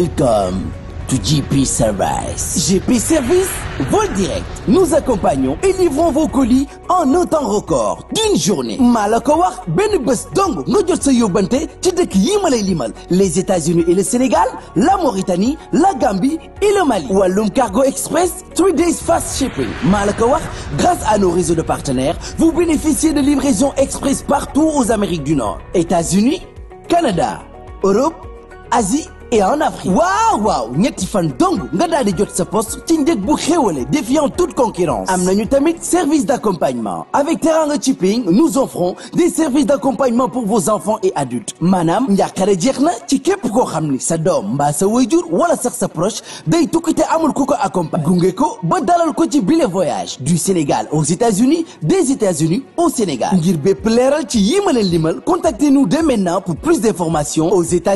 Welcome to GP Service. GP Service, vol direct. Nous accompagnons et livrons vos colis en un record d'une journée. maa la ko wax benn bés dong nga jot sa yóbbante ci dëkk yi ma les États-Unis et le Sénégal la Mauritanie la Gambie et le Mali. wàllum Cargo Express three days fast shipping maa la ko wax grâce à nos réseaux de partenaires vous bénéficiez de livraison express partout aux Amériques du Nord États-Unis Canada Europe Asie. et en Afrique waaw waaw ñetti fan dong nga daal di jot sa post ci njëg bu xéwale défiant toute concurrence am nañu tamit service d'accompagnement avec Teranga Shipping nous offrons des services d'accompagnement pour vos enfants et adultes maanaam njàqare jeex na ci képp koo xam ni sa doom mbaa sa wayjur wala sax sa proche day tukki te amul ku ko accompagne gunge ko ba dalal ko ci bile voyage du Sénégal aux États-Unis des états au Sénégal ngir bépp leeral ci yi ma leen limal contactez-nous dès maintenant pour plus d'informations aux états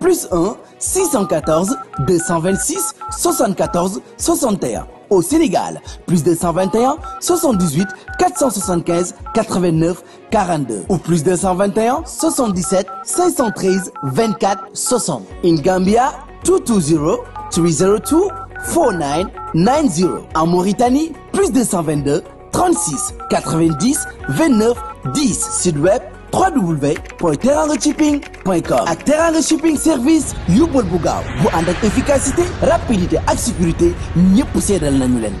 plus 1 614 226 74 61 au Sénégal plus 221 78 475 89 42 ou plus 221 77 513 24 60 in Gambia 220 302 49 90 en Mauritanie plus 222 36 90 29 10 Sud Web www.teranga-shipping.com ak Teranga Shipping Service yóbbal bu gaaw bu ànd ak efficacité rapidité ak sécurité ñëpp seedal nañu leen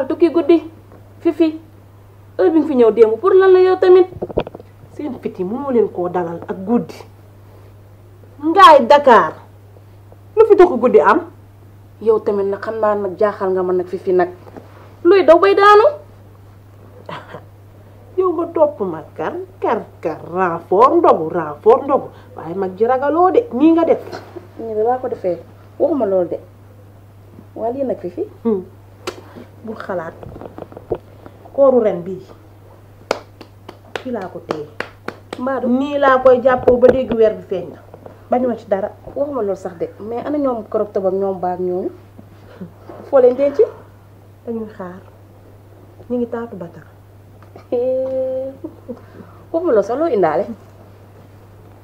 gaawal tukki guddi fifi heure bi fi ñëw démb pour lal la yow tamit seen fit yi leen koo dalal ak guddi ngaay Dakar lu fi tukki guddi am yow tamit na xam naa nag jaaxal nga ma nag fifi nag luy daw bay daanu yow nga topp ma kar kar kar renfort ndogu renfort ndogu waaye mag ji ragaloo de nii nga def nii da laa ko defee waxuma loolu de waa lii nag fifi hmm. bu xalaat kooru ren bii fii laa ko téye mbaa nii laa koy jàppoo ba dégg weer bi feeñ na bañu ci dara waxuma loolu sax de mais ana ñoom korop tabak ñoom baag ñooñu foo leen denc dañuy xaar ñu ngi taatu batar waxuma loolu sax loo indaale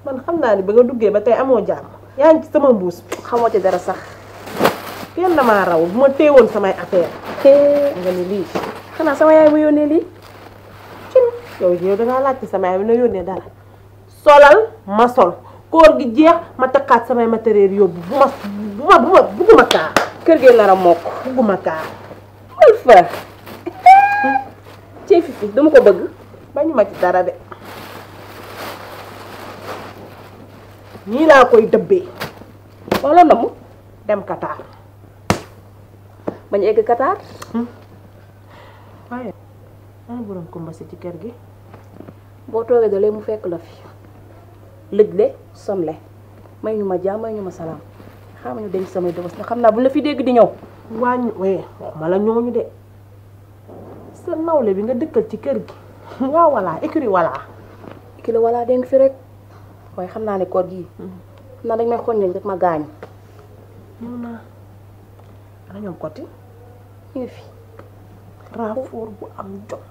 man xam naa ni ba nga duggee ba tey amoo jàmm yaa ngi ci sama mbuus bi xamoo ci dara sax kenn damaa raw bu ma téewoon samay affaire nga ne lii xanaa sama yaay ma yónnee lii ci yow yow dangaa laajte sama yaay bi na yónnee dara solal ma sol koor gi jeex ma takkaat samay matériel yóbbu bu ma bu ma bu ma bugguma kaa kër gee lara mokk bugguma kaa ci fifi dama ko bëgg bañu ci dara de nii laa koy dëbbee wala na mu dem Qatar bañ egg Qatar. waaye ana borom kumba si ci kër gi. boo toogee dalee mu fekk la fi lëjle somle may ñu ma jàmm may ñu ma salaam xam ñu denc samay xam naa bu la fi dégg di ñëw. waañ waaye waxuma la ñooñu de sa nawle bi nga dëkkal ci kër gi waaw walla écrit walla. écrit walla dégg fi rek waaye xam naa ne koor gi xam mm-hmm. naa dañ may xoñ rek ma gaañ. ñëw naa. ana ñoom côté fi renfort bu am jom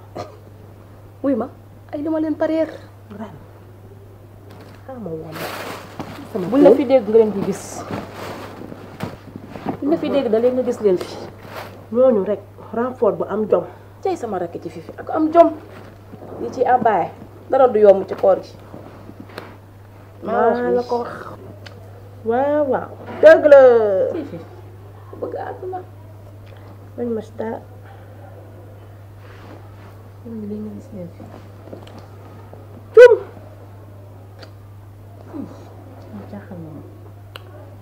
wuy ma ay li ma leen pareer ren xama fi dégg nga leen di gis buñ la fi dégg da leen nga gis leen fi ñooñu rek renfort bu am jom cay sama rakk ci fifi ak am jom li ci abbaay dara du yomb ci koor gi maa la ko wax waaw waaw dëgg la ko bëgg àdduna man mës dara cum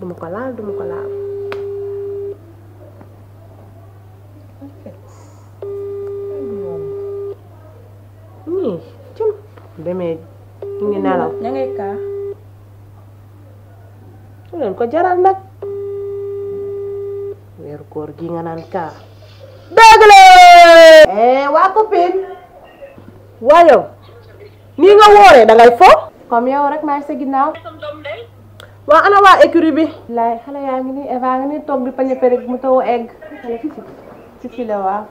duma ko laal duma ko laal nii cum demee ñu ngi nelaw ña ngay kaa leen ko jaral nag góor gi nga naan ka dëgg la eh, waa copine waa yow nii nga wooree da ngay fo comme yow rek maa sa ginnaaw waa ana waa écurie bi laay xale yaa ngi nii Eva ngi nii toog bi pañe périg mu taw egg fifi la waaw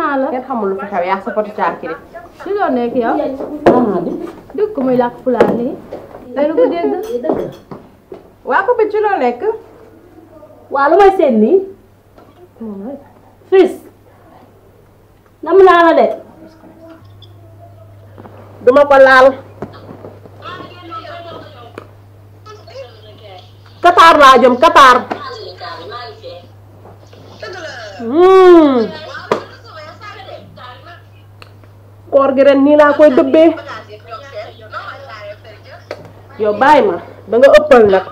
naa la kenn xamul lu fi yaa sa poti si loo nekk yow dëkk muy làkk pulaar nii dana ko dégg waa ko ci loo lekk. waa lu may seen nii. fils. nam naa la de. duma ko laal. Qatar laa jëm Qatar. Hmm. koor gi ren nii laa koy dëbbee. yow bàyyi ma da nga ëppal nag.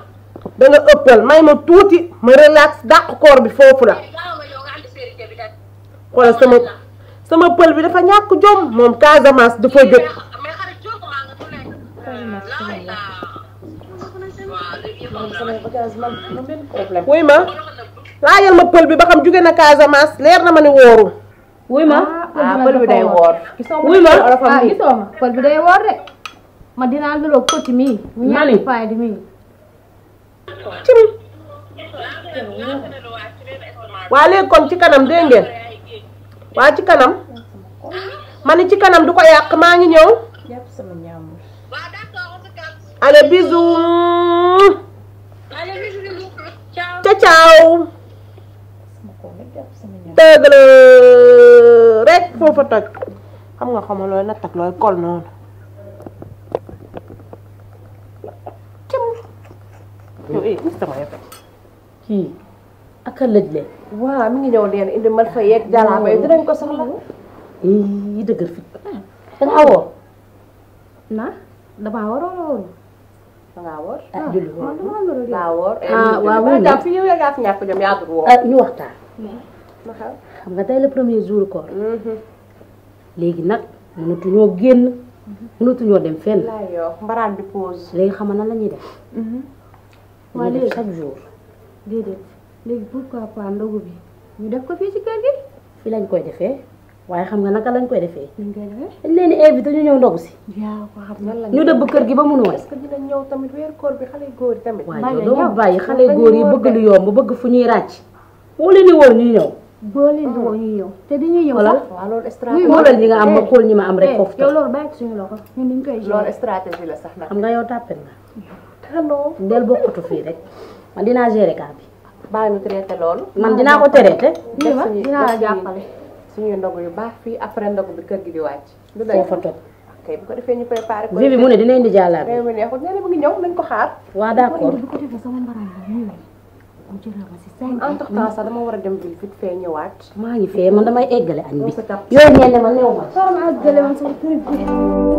danga ëppal may ma tuuti ma relax dàq koor bi foofu la xoolal sama sama pël bi dafa ñàkk jom moom Casamance dafa jóg wuy ma laajal ma pël bi ba xam jóge na Casamance leer na ma ni wooru wuy ma ah, ah, wuy ma pël bi day woor ah, rek ma dinaa luloo koti mii di mii waa léegi kon ci kanam dégg waa ci kanam ma ci kanam du ko yàq maa ngi ñëw ale bisu ca caaw tëgg rek foofa toj xam nga xamal looy na tag looy kol noonu eh sama yaakaar kii ak a lëj le waaw mi ngi ñëw leen indi man fa ko soxla yi dëgër fit danga woor na dama waroon woon danga woor ah, ah, ah eh, waaw waaw da ah, ñu waxtaan xam nga tey le premier jour koor mm-hmm. léegi nag mënatuñoo génn mm-hmm. mënatuñoo dem fenn mbaraan bi léegi xam na la ñuy def mm-hmm. waaw léegi chaque jour. déedéet léegi pourquoi pas bi ñu def ko fii ci kër fii lañ koy defee waaye xam nga naka lañ koy defee. ñu koy defee dañ leen ñu ñëw ndogu si. waaw waaw xam la ñu dëbb kër gi ba mun nooy. est-ce ñëw tamit weer koor bi xale góor yi tamit. waaye doo bàyyi xale góor yi bëgg lu yomb bëgg fu ñuy ràcc. woo leen di wóor ñuy ñëw. boo leen di woo ñuy ñëw te dañuy ñëw sax. waaw loolu stratégie la xoolal ñi nga am ma eh, kool ñi ma am rek. Eh, foofu yow loolu suñu loxo ñun dañ koy. loolu stratégie la sax nag xam nga yow tàppet na allo del bokkutu fii rek man dinaa gérer cas bi. bàyyi mu traité loolu. man dinaa ko traité. dinaa la jàppale. suñuy ndogu yu baax fii après ndogu bi kër gi di wàcc. du doy foofa toog. kay ko defee ñu préparé. ko bi mu ne dina indi jàllale. réew neexul nee na mu ngi ñëw nañ ko xaar. waaw d'accord bu ko defee sama mbaraan bi ñëwee mu jël ma sax dama war a dem ville vite fee ñëwaat. maa ngi fee man damay eggale añ bi. yow nee na ma néew ma.